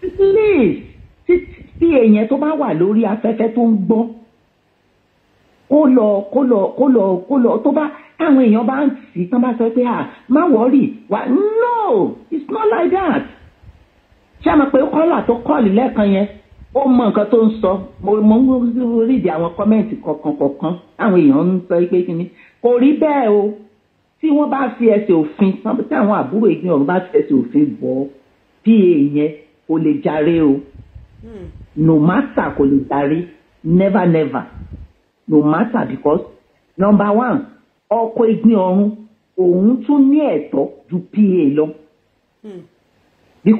please tí èèyàn tó bá wà lórí afẹ́fẹ́ tó ń gbọ́ kó lọ kó lọ kó lọ kó lọ tó bá táwọn èèyàn bá ń tì í tán bá sọ pé má wọ́ọ̀rì wá no it's not like that ṣé àmọ́ pé kọ́là tó kọ́ọ̀lì lẹ́ẹ̀kan yẹn ó mọ nǹkan tó ń sọ mo mo ń rídì àwọn kọ́mẹ́ǹtì kọ̀ọ̀kan kọ̀ọ̀kan àwọn èèyàn ń sọ pé kíni kò rí bẹ́ẹ̀ o tí wọ́n bá fi ẹsẹ̀ òfin tí àwọn àbúrò ìgbín ọ̀run bá fi ẹsẹ̀ òfin bọ̀ pa yẹn kò lè jàre o hmm. no matter kò lè jàre never never no matter because number one ọkọ ìgbín ọ̀run òun tún ní ẹ̀tọ́ ju pa lọ hmm.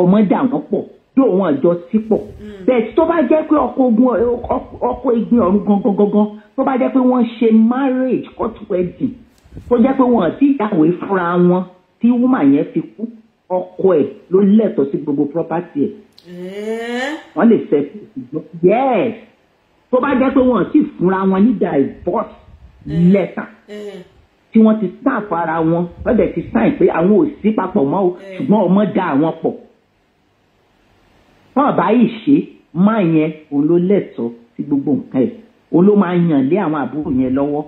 ọmọ dà wọ́n pọ̀ bí òun àjọ sí pọ̀ hmm. bẹ́ẹ̀ tó bá jẹ́ pé ọkọ ogun ọkọ ìgbín ọ̀run gangan gangan tó bá jẹ́ pé wọ́n ṣe marriage court wedding tó jẹ́ pé wọ́n ti ìyàwó fúnra wọn tí woman yẹn fi kú ọkọ ẹ̀ ló lẹ́tọ̀ọ́ sí gbogbo property ẹ̀ eh? wọ́n lè fẹ́ yes tó bá jẹ́ pé wọ́n ti fúnra wọn ní divorce eh. letter tí wọ́n ti sáàfù ara wọn wọ́n dẹ̀ ti sáìn pé àwọn ò sí papọ̀ mọ́ o ṣùgbọ́n ọmọ da àwọn pọ̀ wọn bá yìí ṣe máa yẹn òun ló lẹ́tọ̀ọ́ sí gbogbo nǹkan ẹ̀ òun ló máa yàn lé àwọn àbúrò yẹn lọ́wọ́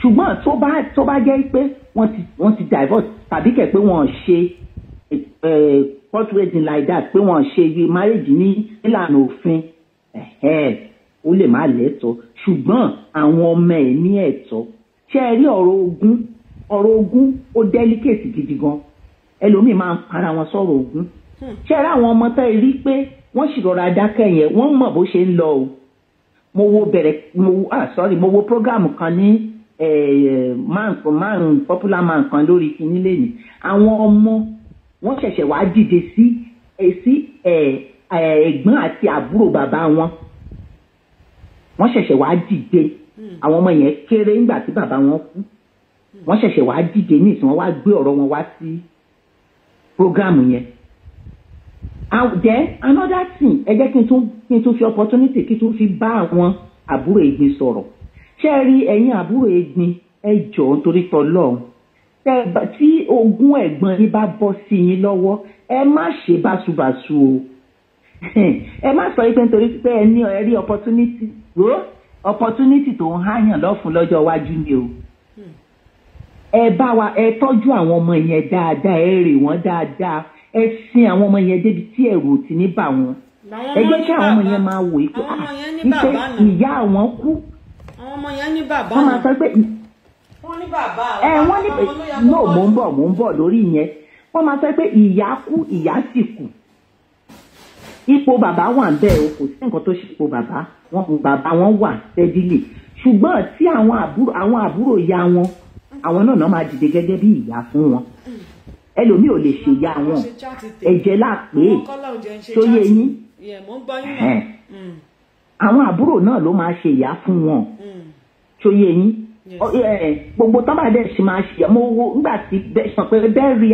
ṣùgbọ́n tó bá tó bá jẹ́ pé wọ́n ti wọ́n ti divorce tàbí kẹ̀ pé wọ́n ṣe court wedding like that pé wọ́n ṣe marriage ní ìlànà òfin ó lè má lẹ́tọ̀ọ́ ṣùgbọ́n àwọn ọmọ ẹ̀ ní ẹ̀tọ́ ṣé ẹ rí ọ̀rọ̀ ogún ọ̀rọ̀ ogún ó dẹ́líkèsì gidi gan ẹlòmíì máa ń para wọn sọ̀rọ̀ ogún ṣé ẹ rí àwọn ọmọ tá ẹ rí pé wọ́n sì rọra dákẹ́ yẹn wọ́n mọ̀ bó ṣe ń lọ o mo wo bẹ̀rẹ̀ mo wo ah sorry mo wo programu kan ní eh, márùn popular man kan lórí kinní lẹ́yìn àwọn ọmọ wọ́n ṣẹ̀ṣẹ̀ wá dìde sí eh, sí eh, ẹ̀gbọ́n àti àbúrò bàbá wọn wọ́n ṣẹ̀ṣẹ̀ wá dìde Hmm. àwọn ọmọ yẹn kéré ńgbà tí bàbá wọn kú hmm. wọ́n ṣẹ̀ṣẹ̀ wá dìde ní ìsìn wọ́n wá gbé ọ̀rọ̀ wọn wá sí prógámù yẹn. then another thing ẹ jẹ́ kí n tún kí n tún fi opportunity kí n tún fi bá àwọn àbúrò Egbin sọ̀rọ̀ ṣé é rí ẹ̀yin àbúrò Egbin ẹ jọ̀ọ́ nítorí tọlọ́run tí ogún ẹ̀gbọ́n yín bá bọ́ sí yín lọ́wọ́ ẹ má ṣe báṣubàṣu o ẹ má sọ pé nítorí pé ẹ ní ẹ rí opportunity. Whoa? opportunity tó ń háyàn lọ́fun lọ́jọ́ iwájú ni o hmm. ẹ bá wa ẹ tọ́jú àwọn ọmọ yẹn dáadáa ẹ rè wọ́n dáadáa ẹ sin àwọn ọmọ yẹn débi tí ẹ̀rù ò ti ní bà wọ́n ẹ jẹ́ kí àwọn ọmọ yẹn máa wò pé ah ife ìyá àwọn kú wọ́n máa sọ pé wọ́n ní bàbá eh, àwọn ọmọ ló yà kó wọ́n mò ń bọ̀ mò ń bọ̀ lórí yẹn wọ́n máa sọ pé ìyá kú ìyá sì kù ipò bàbá wà ń bẹ́ẹ̀ o kò sí nǹkan tó ṣe ipò bàbá bàbá wọn wà steadily ṣùgbọ́n tí àwọn àbúrò àwọn àbúrò ìyá wọn àwọn náà náà máa dìde gẹ́gẹ́ bí ìyá fún wọn ẹlòmíì ò lè ṣe ìyá wọn ẹ̀jẹ̀ láàpé ṣóyè yín mm. àwọn àbúrò náà ló máa ṣe ìyá fún wọn mm. ṣóyè yín gbogbo tọ́ba dẹ̀ ṣe máa ṣe mo wo nígbà tí sàn pé bẹ́ẹ̀ rí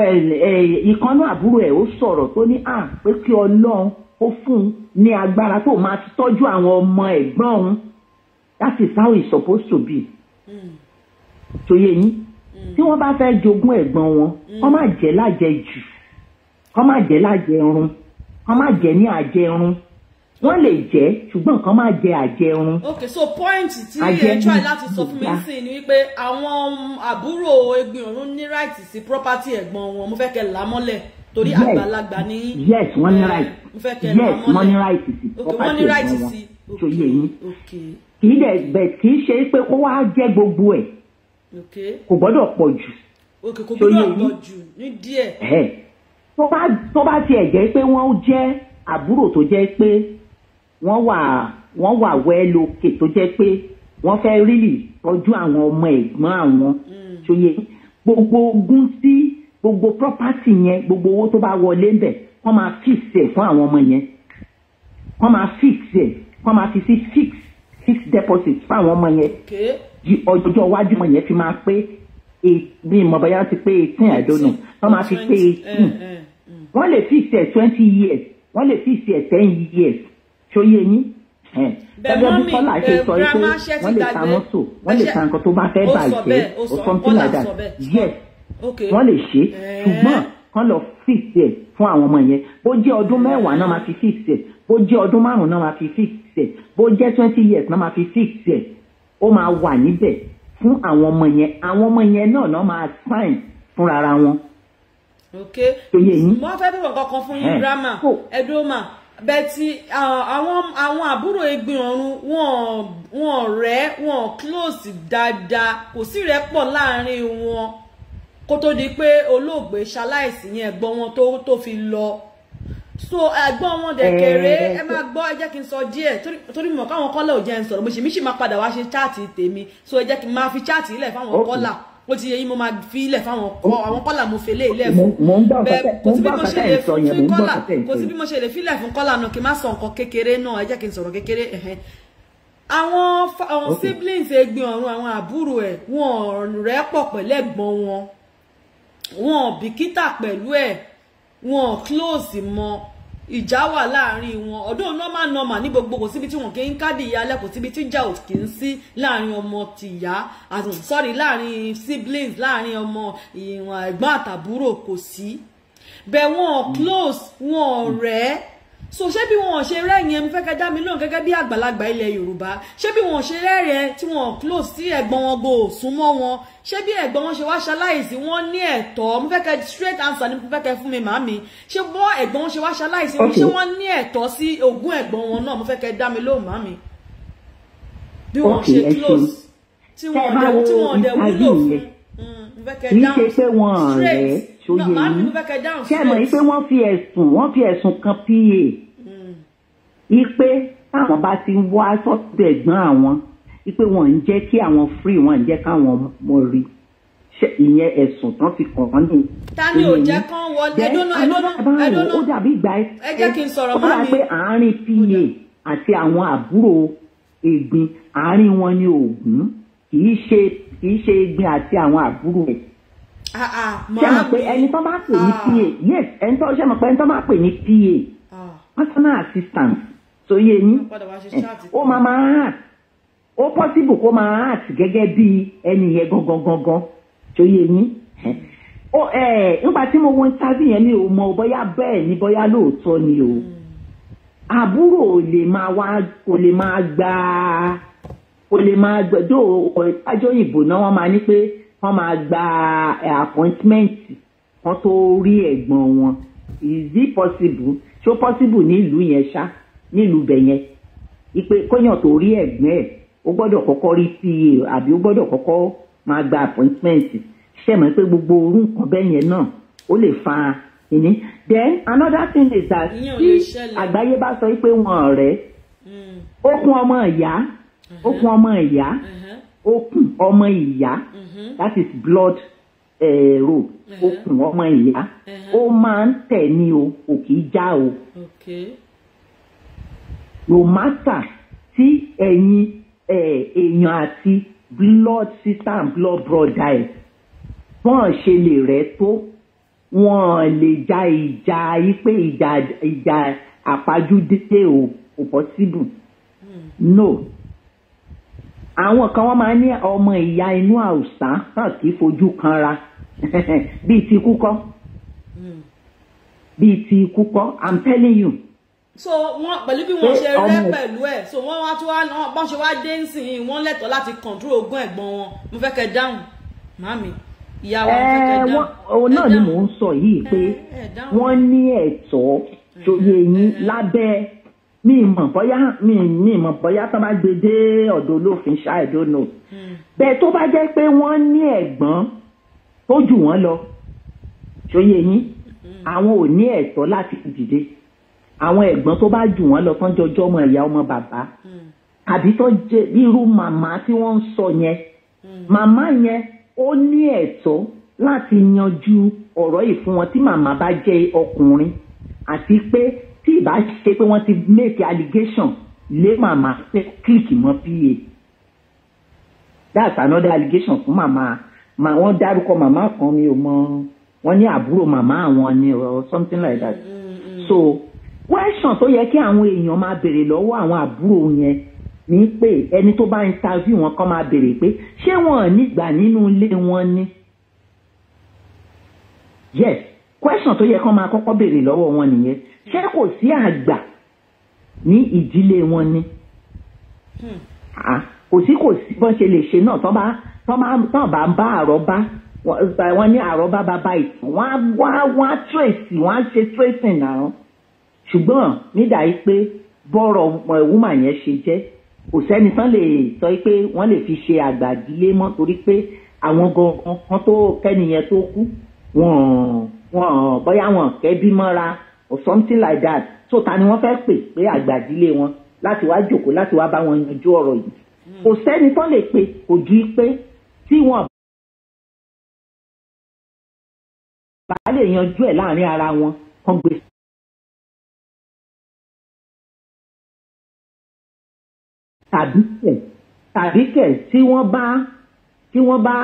ẹ̀ ìkànnú àbúrò ẹ̀ ó sọ̀rọ̀ tó ní à pé kí ọlọ́run ó fún ní agbára tó máa tọ́jú àwọn ọmọ ẹ̀gbọ́n òun that is how it's supposed to be. tó hmm. yé yín hmm. tí wọ́n bá fẹ́ jogún ẹ̀gbọ́n wọn wọ́n má hmm. jẹ́ lájẹ jù wọ́n má jẹ́ lájẹ irun wọ́n má jẹ́ ní àjẹ irun wọ́n lè jẹ́ ṣùgbọ́n nǹkan máa jẹ àjẹrun. ok so point tí ẹ try láti sọ fún mi sí ni wípé àwọn àbúrò Ẹ̀gbin Ọ̀run ní right sí property ẹ̀gbọ́n wọn mo fẹ́ kẹ́ làámọ́lẹ̀ torí àgbàlagbà ní. yes Money eh, right yes Money right sí property ẹ̀gbọ́n wọn tó yé yín kì í dẹ̀ bẹ̀ kì í ṣe pé kó wá jẹ́ gbogbo ẹ̀ kò gbọ́dọ̀ pọ̀ jù tó yé yín tó bá tiẹ̀ jẹ́ pé wọ́n jẹ́ àbúrò tó jẹ́ pé wọ́n wà wọ́n wà wẹ́ẹ́ lókè tó jẹ́ pé wọ́n fẹ́ rílì tọ́jú àwọn ọmọ ẹ̀gbọ́n àwọn tó mm. yé gbogbo ogún tí. Si, gbogbo property yẹn gbogbo owó tó bá wọlé ń bẹ̀ wọ́n máa fix ẹ̀ fún àwọn ọmọ yẹn wọ́n máa fix ẹ̀ wọ́n máa fi sí fix fix deposit fún àwọn ọmọ yẹn di ọjọ́ iwájú ọmọ yẹn fi máa pé bí ìmọ̀bọ̀yá ti pé eighteen I don't know wọ́n máa fi pé eighteen eh, eh, eh, mm. wọ́n lè fix ẹ̀ twenty years wọ́n lè fix ẹ̀ ten years ṣóyé yín gẹ́gẹ́ bí kọ́là ṣe sọ pé wọ́n lè ta mọ́tò wọ́n lè ta nǹkan tó bá fẹ́ bàjẹ́ or something like that yes wọ́n lè ṣe eh. ṣùgbọ́n kán lọ fix ẹ̀ fún àwọn ọmọ yẹn bó jẹ́ ọdún mẹ́wàá náà máa fi fix ẹ̀ bó jẹ́ ọdún márùn-ún náà máa fi fix ẹ̀ bó jẹ́ twenty years náà máa fi fix ẹ̀ ó máa wà níbẹ̀ fún àwọn ọmọ yẹn àwọn ọmọ yẹn náà náà máa sign fúnra ara wọn. ok mo fẹ́ bí nǹkan kan fún yín eh. grandma edoma bẹ́ẹ̀tì àwọn àwọn àbúrò Ẹ̀gbin Ọ̀run wọn wọn rẹ̀ wọn close dáadáa kò sí rẹ́pọ̀ láàrin wọn kó tó di pé olóògbé ṣaláìsí yẹn ẹ̀gbọ́n wọn tó tó fi lọ so ẹ̀gbọ́n wọn dẹ̀ kéré eh, ẹ máa gbọ́ ẹ jẹ́ kí n sọ díẹ̀ torí mọ̀ káwọn kọ́là ò jẹ́ ń sọ̀rọ̀ mo sì mí sì máa padà wá ṣe chaati tèmi so ẹ jẹ́ kí n máa fi chaati ilẹ̀ fáwọn kọ́là ó ti yẹ yín mo máa fi ilẹ̀ fáwọn kọ́ àwọn kọ́là mo fèlè ilẹ̀ fún bẹ́ẹ̀ kò sí bí mo ṣe lè fún kọ́là kò sí bí mo ṣe lè filẹ̀ fún kọ́là náà kí n má sọ nǹkan kékeré náà ẹ jẹ́ kí n sọ̀rọ̀ kékeré àwọn siblings Ẹ̀gbin Ọ̀run àwọn àbúrò ẹ̀ wọn rẹ́pọ̀ pẹ̀lẹ́gbọ́n wọn wọn ò bìkítà pẹ̀lú ẹ̀ wọn ò close mọ́ ìjà wà láàrin wọn ọdún normal normal ní gbogbo kò síbi tí wọn kì í kádì ìyá alẹ kò síbi tí ìjà ò kì í sí láàrin ọmọ tìyá sorry láàrin siblings láàrin ọmọ ìwọn ẹ̀gbọ́n àtàbúrò kò sí bẹ́ẹ̀ wọn close wọn rẹ. Mm so ṣé bí wọn ṣe rẹ́yìn ẹni fẹ́kẹ́ dá mi lóhùn gẹ́gẹ́ bí àgbàlagbà ilẹ̀ yorùbá ṣé bí wọn ṣe rẹ́rẹ̀ẹ́ tí wọn close sí ẹ̀gbọ́n wọn go súnmọ́ wọn ṣé bí ẹ̀gbọ́n wọn ṣe wá ṣaláìsí wọn ní ẹ̀tọ́ mo fẹ́kẹ́ straight answer ni mo fẹ́kẹ́ fún mi màmí ṣé bọ́ ẹ̀gbọ́n wọn ṣe wá ṣaláìsí wọn ṣé wọ́n ní ẹ̀tọ́ sí ogún ẹ̀gbọ́n wọn náà mo fẹ́kẹ́ dá mi lóhùn màmí bí wọn ṣe close tí wọn dẹ̀ wúlò fún mo fẹ́kẹ́ dáhùn straight ṣó yé yín ṣé ẹ mọ̀ yìí pé wọ́n fi ẹ̀sùn wọ́n fi ẹ̀sùn kan pa ipe hmm. àwọn bá ti wá sọ́dọ̀ ẹ̀gbọ́n àwọn ipe wọ́n ń jẹ́ kí àwọn free wọ́n ń jẹ́ káwọn mọ̀ rí ìyẹn ẹ̀sùn tán fi kàn án ní. ta ni ò jẹ́ kán wọlé ẹ̀dọ́nà ẹ̀dọ́nà ẹ̀dọ́nà ó dàbí ìgbà ẹ̀ ẹ jẹ́ kí n sọ̀rọ̀ má mi. ó dà pé àárín pa àti àwọn àbúrò ègbin àárín wọn ni oògùn kì í ṣe egbin àti àwọn àbúrò ẹ̀ Ah, ah, ṣé mọ̀ pé ẹni tó bá pè ní ah. pa yes ẹni tó ṣé mọ̀ pé ẹni tó bá pè ní pa personal assistant tó yé yín ó máa máa hàn ó possible kó máa hàn gẹ́gẹ́ bí ẹni yẹn gangan gangan tó yé yín nígbà tí mo wo interview yẹn mi ò mọ bóyá bẹ́ẹ̀ ni bóyá lóòótọ́ ni o hmm. àbúrò ò lè máa wá kò lè máa gbà kò lè máa gbẹdọ ọjọ́ ìbò náà wọ́n máa ní pé wọ́n máa gba eh, appointment wọ́n tó rí ẹ̀gbọ́n wọn is it possible ṣó possible nílùú yẹn ṣá nílùú bẹ̀ yẹn ipe kóyàn tó rí ẹ̀gbọ́n ẹ̀ ó gbọ́dọ̀ kọ́kọ́ rí pa àbí ó gbọ́dọ̀ kọ́kọ́ máa gba appointment ṣe mọ̀ pé gbogbo orú nǹkan bẹ́ẹ̀ yẹn náà ó lè fa ìní then another thing is that tí àgbáyé bá sọ pé wọn ọ̀rẹ́ hmm. ó kún ọmọ ìyá ó uh-huh. kún ọmọ ìyá uh-huh okùn ọmọ ìyá mhm. that is blood ẹ̀rọ eh, uh-huh. okùn ọmọ ìyá uh-huh. ó máa ń tẹ̀ ní o kò kì í já o. no matter tí ẹ̀yin eh, èèyàn àti blood sister and blood brother ẹ̀ wọ́n ṣe lè rẹ́ tó wọ́n lè ja ìjà ipe ìjà ìjà àpájúdé o kò possible. Hmm. no àwọn kan wọ́n máa ní ọmọ ìyá inú àwùsá náà kì fojú kan ra bíi ti kúkọ́ hmm. bíi ti kúkọ́ i'm telling you. so wọn pẹ̀lú bí wọ́n ṣe rẹ́ pẹ̀lú ẹ̀ so wọ́n wá tí wọ́n bá ṣe wá dé nsìn wọ́n lẹ́tọ̀ọ́ láti kọ̀ǹtúrò ogún ẹ̀gbọ́n wọn mo fẹ́ kẹ́ dáhùn màmí ìyàwó mo fẹ́ kẹ́ eh, dáhùn. òun náà ni mò ń sọ yìí pé eh, wọ́n ní ẹ̀tọ́ tó yẹ eh, yín mi mọ̀ bóyá mi mi mọ̀ bóyá tó bá gbé dé ọ̀dọ̀ olófin ṣá I don't know hmm. bẹ́ẹ̀ tó bá jẹ́ pé wọ́n ní ẹ̀gbọ́n tó jù wọ́n lọ ṣòye yín hmm. àwọn ò ní ẹ̀tọ́ láti dìde àwọn ẹ̀gbọ́n tó bá jù wọ́n lọ tán jọjọ́ ọmọ ìyá ọmọ bàbá hmm. àbí tó jẹ́ irú màmá tí wọ́n ń sọ yẹn màmá yẹn ó ní ẹ̀tọ́ láti yanjú ọ̀rọ̀ yìí fún wọn tí màmá bá jẹ́ ọkùnrin àti pé ìbá ṣe pé wọ́n ti make allegation lé màmá pé click mọ́ pa that's another allegation fún màmá mà wọ́n dárúkọ màmá kan mi ò mọ wọ́n ní àbúrò màmá àwọn ni or something like that mm, mm, mm. so question tó yẹ kí àwọn èèyàn máa béèrè lọ́wọ́ àwọn àbúrò yẹn ní pé ẹni tó bá interview wọn kàn máa béèrè pé ṣé wọn ò ní gbà nínú ilé wọn ni yes question tó yẹ kán máa kọ́kọ́ béèrè lọ́wọ́ wọn nìyẹn ṣé kò sí àgbà ní ìdílé wọn ni ah, kò sí kò sí bọ́n ṣe lè ṣe náà tán bá tán bá bá àrọ́bá wọn ní àrọ́bá bàbá ìtàn wọn á wá wọn á tracy wọn á ṣe tracing náà ṣùgbọ́n nídà yìí pé bọ́rọ̀ wúmà yẹn ṣe jẹ́ kò sẹ́ni tán lè sọ pé wọ́n lè fi ṣe àgbà mọ́ torí pé àwọn gan-an kan tó kẹ́niyẹn tó kú wọ́n wọn bóyá wọn kẹ́ bí mọ́ra or something like that so ta ni wọ́n fẹ́ pè pé àgbà ìdílé wọn láti wá jókòó láti wá bá wọn yanjú ọ̀rọ̀ yìí kò sẹ́ni tó lè pe kò ju pé tí wọn bá lè yanjú ẹ̀ láàrin ara wọn kan gbé. tàbí kẹ̀ tàbí kẹ̀ tí wọ́n bá tí wọ́n bá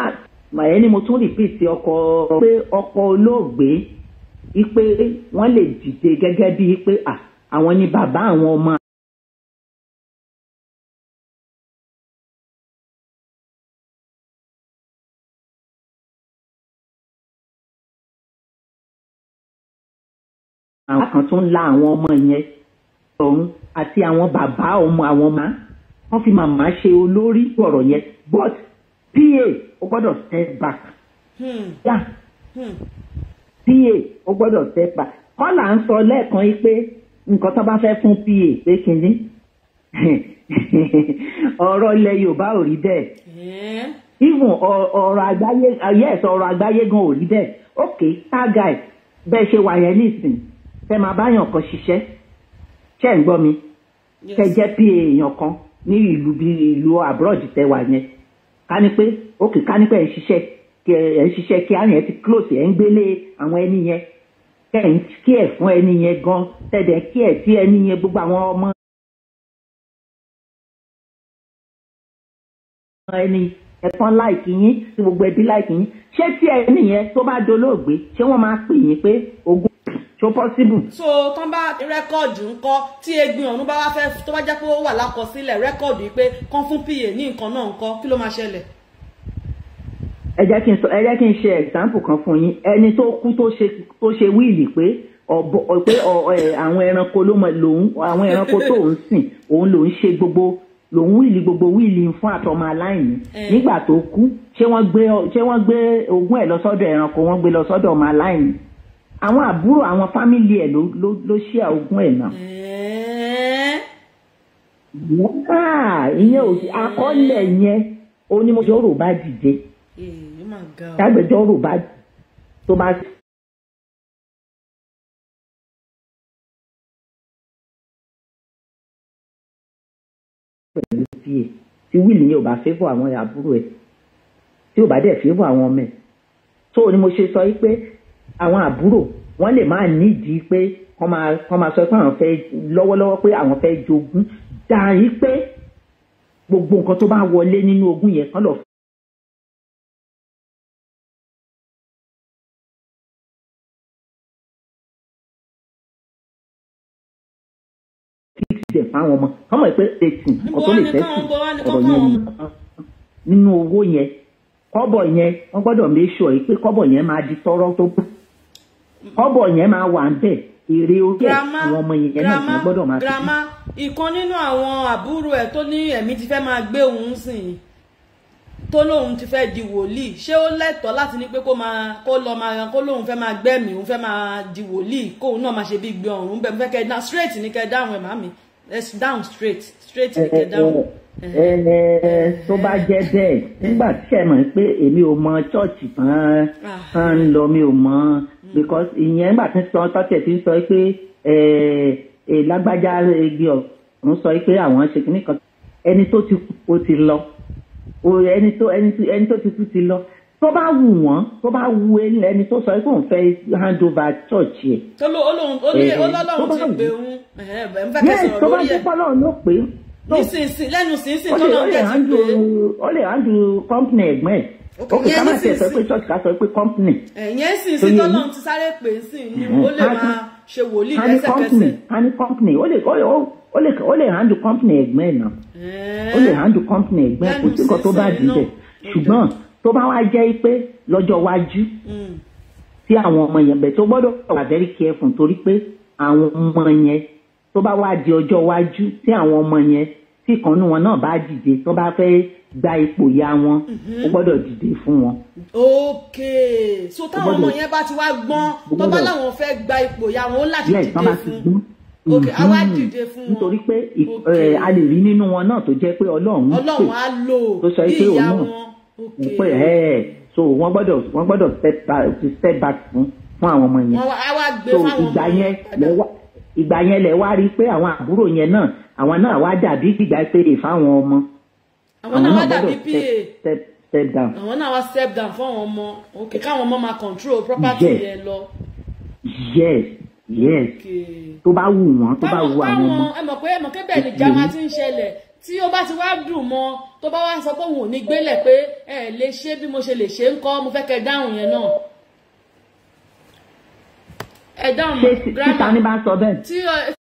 màyẹ ni mo tún repeat ọkọ pé ọkọ olóògbé ipe wọn lè dìde gẹ́gẹ́ bíi pé àwọn ni bàbá àwọn ọmọ. àwọn kan tó ń la àwọn ọmọ yẹn ọ̀hún àti àwọn bàbá ọmọ àwọn ọmọ wọn fi màmá ṣe olórí ọ̀rọ̀ yẹn but pa ó gbọ́dọ̀ step back. Hmm. ya hmm. pa ó gbọ́dọ̀ step back kọla ń sọ lẹ́ẹ̀kan yìí pé nǹkan tó bá fẹ́ fún pa pé kínní ọ̀rọ̀ ilẹ̀ yorùbá ò rí bẹ́ẹ̀ eh? even ọrọ àgbáyé yes ọrọ àgbáyé gan ò rí bẹ́ẹ̀ ok tá guy bẹ́ẹ̀ ṣe wà yẹn nísìn fẹ́ máa báyàn kan ṣiṣẹ́ ṣẹ́ ń gbọ́ mi kẹ́ pa èèyàn kan ní ìlú bíi ìlú abroad tẹ́ wà yẹn ká ní pé òkè ká ní pé ẹ̀ ń ṣiṣẹ́ ẹ̀ ń ṣiṣẹ́ kí àrùn yẹn ti close ẹ̀ ń gbélé àwọn ẹni yẹn kẹ́ ẹ̀ ń kí ẹ̀ fún ẹni yẹn gan tẹ̀dẹ̀ kí ẹ̀ tí ẹni yẹn gbogbo àwọn ọmọ ẹni ẹ̀kan láìkì yín tí gbogbo ẹbí láìkì yín ṣé tí ẹni yẹn tó bá dolóògbé ṣé wọ́n máa pè yín pé ogún so possible. so tán bá rẹ́kọ̀dù ń kọ́ tí egbin ọ̀run bá wá fẹ́ tó bá jẹ́ pé ó wà lákọsílẹ̀ rẹ́kọ̀dù yìí pé kán fún pa ní nǹkan náà ń kọ́ kí ló máa ṣẹlẹ̀. ẹ jẹ́ kí n sọ ẹ jẹ́ kí n ṣe example kan fún yín ẹni tó kú tó ṣe tó ṣe wíìlì pé ọ̀bọ̀ pé àwọn ẹranko ló mọ lòun àwọn ẹranko tó ń sìn òun lòun ṣe gbogbo lòun wíìlì gbogbo wíìlì fún àtọmọ aláìní nígbà tó kú ṣé wọ́n gbé ogún ẹ̀ lọ sọ́dọ̀ ẹranko wọ́n gbé lọ sọ́dọ̀ ọmọ aláìní àwọn àbúrò àwọn fámìlì ẹ̀ ló ló ló ṣí àogún ẹ̀ náà. Ah, ìyẹn ò sí akọ́lẹ̀ yẹn onímọ̀jọ́rò bá dìde tágbẹ̀jọ́rò bá tó bá. pẹ̀lú pa tí wíìlì yẹn ò bá fẹ́ fún àwọn àbúrò ẹ̀ tí ò bá dẹ̀ fẹ́ fún àwọn ọmọ ẹ̀ tó ni mo ṣe sọ yìí pé àwọn àbúrò wọ́n lè máa nídìí pé wọ́n máa wọ́n máa sọ pé àwọn fẹ́ lọ́wọ́lọ́wọ́ pé àwọn fẹ́ jogún dàrí pé gbogbo nǹkan tó bá wọlé nínú ogún yẹn kán lọ. fíìsì fáwọn ọmọ ọmọ ìpè ètì ọkọ tó lè tẹsí ọ̀rọ̀ yẹn ni nínú owó yẹn kọ́bọ̀ yẹn wọ́n gbọ́dọ̀ make sure pé kọ́bọ̀ yẹn máa di tọ́rọ́ tó kù kọ́bọ̀ yẹn máa wà ń bẹ̀ èrè orí ẹ̀ àwọn ọmọ yẹn náà kò gbọ́dọ̀ máa fi. grandma ìkan nínú àwọn àbúrò ẹ̀ tó ní ẹ̀mí ti fẹ́ máa gbé òun sìn tó lóun ti fẹ́ di wòlíì ṣé ó lẹ́tọ̀ọ́ láti ní pé kó máa kó lọ máa kó lóun fẹ́ máa gbẹ̀mí òun fẹ́ máa di wòlíì kóun náà máa ṣe bí gbé ọ̀run bẹ́ẹ̀ fẹ́ kẹ́ down straight ní kẹ́ down ẹ̀ màmí let's down straight straight ní kẹ́ down. tó bá jẹ́ bẹ́ẹ̀ nígbà tí ẹ mọ̀ pé èmi ò mọ ṣọ́ọ̀ṣì tán ah. tán lọ mi ò mọ Mm. because ìyẹn gbà tí sọ tọ́tẹ̀ ti sọ pé lágbájá ebi ọ̀hún sọ pé àwọn ṣe kíní kan ẹni tó ti kú ó ti lọ ẹni tó ẹni tó ti kú ti lọ tó bá wù wọ́n tó bá wù ẹni tó sọ pé òun fẹ́ hand over church yẹ. tó ló olóhùn olóhùn ti pè ń ẹ ń bá kẹsàn-án tó bá dúpọ́ ló pé. nísinsìnyí lẹ́nu sínsìn tó náà ń tẹ̀sí pé. ó lè handle company ẹ̀gbọ́n ẹ̀ òkè ká má tiẹ̀ sọ pé church ká sọ pé company. ẹ̀yẹ́ sì sí tọ́lọ́ ti sáré pé sí ni mm-hmm. ó lè máa ṣe wòlíì lẹ́sẹ̀kẹsẹ̀. tani company ó lè ó lè ó lè handle company ẹ̀gbẹ́ ẹ̀ náà eh. ó lè handle company ẹ̀gbẹ́ kò sí nǹkan tó bá dìbẹ̀ ṣùgbọ́n tó bá wá jẹ́ pé lọ́jọ́ wájú mm. tí àwọn ọmọ yẹn bẹ̀ tó gbọ́dọ̀ wà very careful torí pé àwọn ọmọ yẹn tó bá wá di ọjọ́ wájú tí àwọn ọmọ yẹn tí ìkànnì wọn náà bá dìde tó bá fẹ́ẹ́ gba ipò ya wọn o mhm. gbọ́dọ̀ dìde fún wọn. ok so táwọn ọmọ yẹn bá ti wá gbọ́n tó bá láwọn fẹ́ gba ipò ya wọn ó láti dìde fún ok àwa mhm. dìde fún wọn nítorí pé a lè rí nínú wọn náà tó jẹ́ pé Ọlọ́run pè tó sọ pé òun náà òun pè ẹ so wọ́n gbọ́dọ̀ wọ́n gbọ́dọ̀ step back fún fún àwọn ọmọ yẹn so ìgbà yẹn lẹwà ìgbà yẹn lẹwà rí pé àwọn àbúrò yẹn náà àwọn náà wá dàbí ìgbà péré fáwọn ọmọ àwọn náà wá dàbí pa step down. àwọn náà wá step down fún àwọn ọmọ ok káwọn ọmọ máa control property yẹn lọ. yes yes tó bá wù wọ́n tó bá wù àwọn ọmọ. ẹ mọ̀ pé ẹ mọ̀ pé bẹ́ẹ̀ ni jama ti ń ṣẹlẹ̀ tí ó bá ti wá dùn mọ́ tó bá wá sọ pé òun ò ní gbélẹ̀ pé ẹ lè ṣe bí mo ṣe lè ṣe ń kọ́ mo fẹ́ kẹ́ dáhùn yẹn náà ẹ dáhùn grandma tí